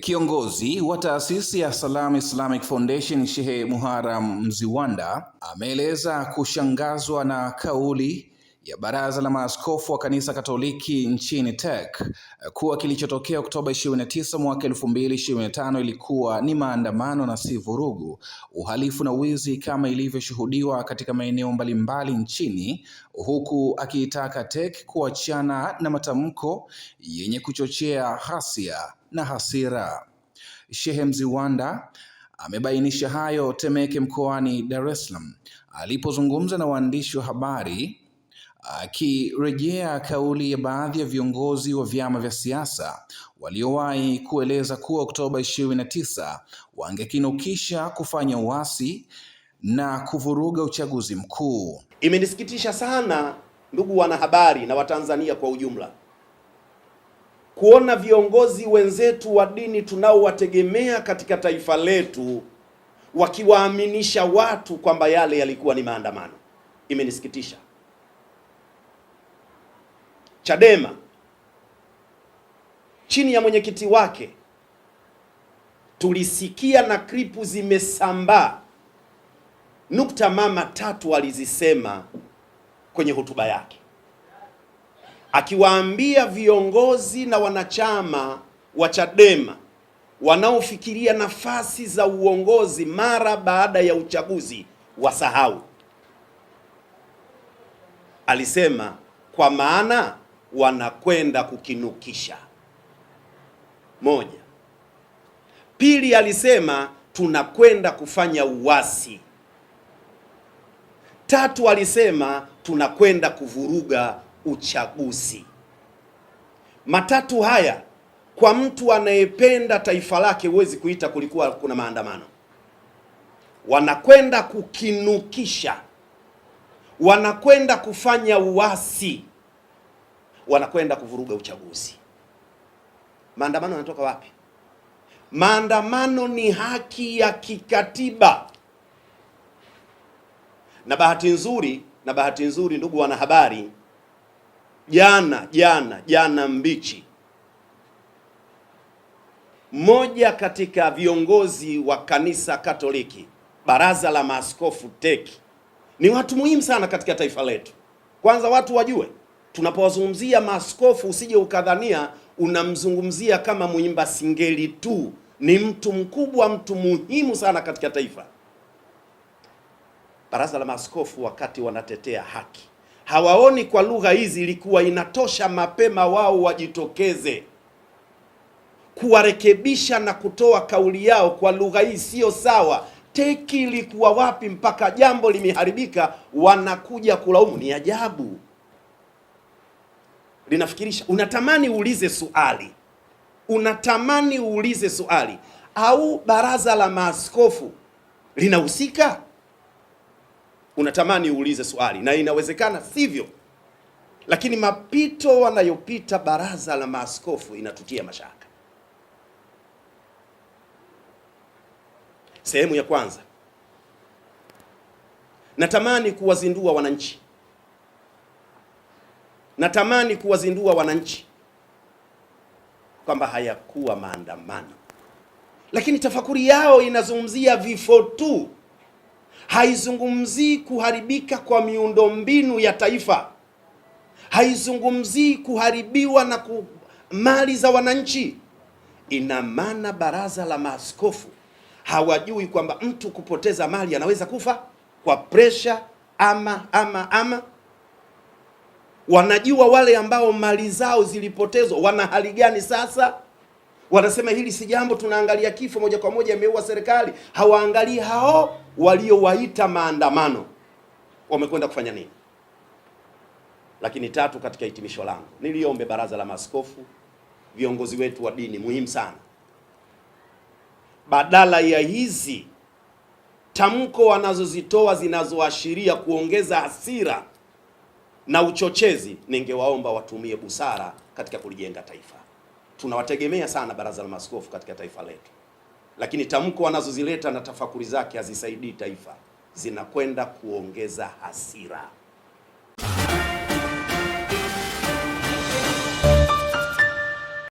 Kiongozi wa taasisi ya Salam Islamic Foundation Shehe Muharam Mziwanda ameeleza kushangazwa na kauli ya Baraza la Maaskofu wa Kanisa Katoliki nchini TEC kuwa kilichotokea Oktoba 29 mwaka 2025 ilikuwa ni maandamano na si vurugu, uhalifu na wizi kama ilivyoshuhudiwa katika maeneo mbalimbali nchini, huku akiitaka TEC kuachana na matamko yenye kuchochea ghasia na hasira. Shehe Mziwanda amebainisha hayo Temeke mkoani Dar es Salaam alipozungumza na waandishi wa habari akirejea kauli ya baadhi ya viongozi wa vyama vya siasa waliowahi kueleza kuwa Oktoba 29 wangekinukisha kufanya uasi na kuvuruga uchaguzi mkuu. Imenisikitisha sana ndugu wanahabari na Watanzania kwa ujumla kuona viongozi wenzetu wa dini tunaowategemea katika taifa letu wakiwaaminisha watu kwamba yale yalikuwa ni maandamano. Imenisikitisha. Chadema chini ya mwenyekiti wake tulisikia na kripu zimesambaa nukta mama tatu alizisema kwenye hotuba yake, akiwaambia viongozi na wanachama wa Chadema wanaofikiria nafasi za uongozi mara baada ya uchaguzi wasahau. Alisema kwa maana wanakwenda kukinukisha. Moja. Pili, alisema tunakwenda kufanya uasi. Tatu, alisema tunakwenda kuvuruga uchaguzi. Matatu haya kwa mtu anayependa taifa lake huwezi kuita kulikuwa kuna maandamano. Wanakwenda kukinukisha, wanakwenda kufanya uasi wanakwenda kuvuruga uchaguzi. Maandamano yanatoka wapi? Maandamano ni haki ya kikatiba, na bahati nzuri na bahati nzuri, ndugu wanahabari, jana jana jana mbichi, mmoja katika viongozi wa kanisa Katoliki, baraza la maaskofu TEC, ni watu muhimu sana katika taifa letu. Kwanza watu wajue tunapowazungumzia maaskofu, usije ukadhania unamzungumzia kama mwimba singeli tu. Ni mtu mkubwa, mtu muhimu sana katika taifa. Baraza la Maaskofu wakati wanatetea haki hawaoni kwa lugha hizi, ilikuwa inatosha mapema wao wajitokeze kuwarekebisha na kutoa kauli yao kwa lugha hii sio sawa. Teki ilikuwa wapi mpaka jambo limeharibika, wanakuja kulaumu? Ni ajabu linafikirisha. Unatamani uulize suali unatamani uulize suali au baraza la maaskofu linahusika? Unatamani uulize suali na inawezekana sivyo, lakini mapito wanayopita baraza la maaskofu inatutia mashaka. Sehemu ya kwanza, natamani kuwazindua wananchi Natamani kuwazindua wananchi kwamba hayakuwa maandamano, lakini tafakuri yao inazungumzia vifo tu, haizungumzii kuharibika kwa miundombinu ya taifa, haizungumzii kuharibiwa na ku mali za wananchi. Ina maana baraza la maaskofu hawajui kwamba mtu kupoteza mali anaweza kufa kwa presha ama ama ama wanajua wale ambao mali zao zilipotezwa wana hali gani sasa. Wanasema hili si jambo, tunaangalia kifo moja kwa moja, imeua serikali. Hawaangalii hao waliowaita maandamano wamekwenda kufanya nini. Lakini tatu, katika hitimisho langu, niliombe baraza la maaskofu, viongozi wetu wa dini, muhimu sana, badala ya hizi tamko wanazozitoa zinazoashiria kuongeza hasira na uchochezi, ningewaomba watumie busara katika kulijenga taifa. Tunawategemea sana baraza la maaskofu katika taifa letu, lakini tamko wanazozileta na tafakuri zake hazisaidii taifa, zinakwenda kuongeza hasira.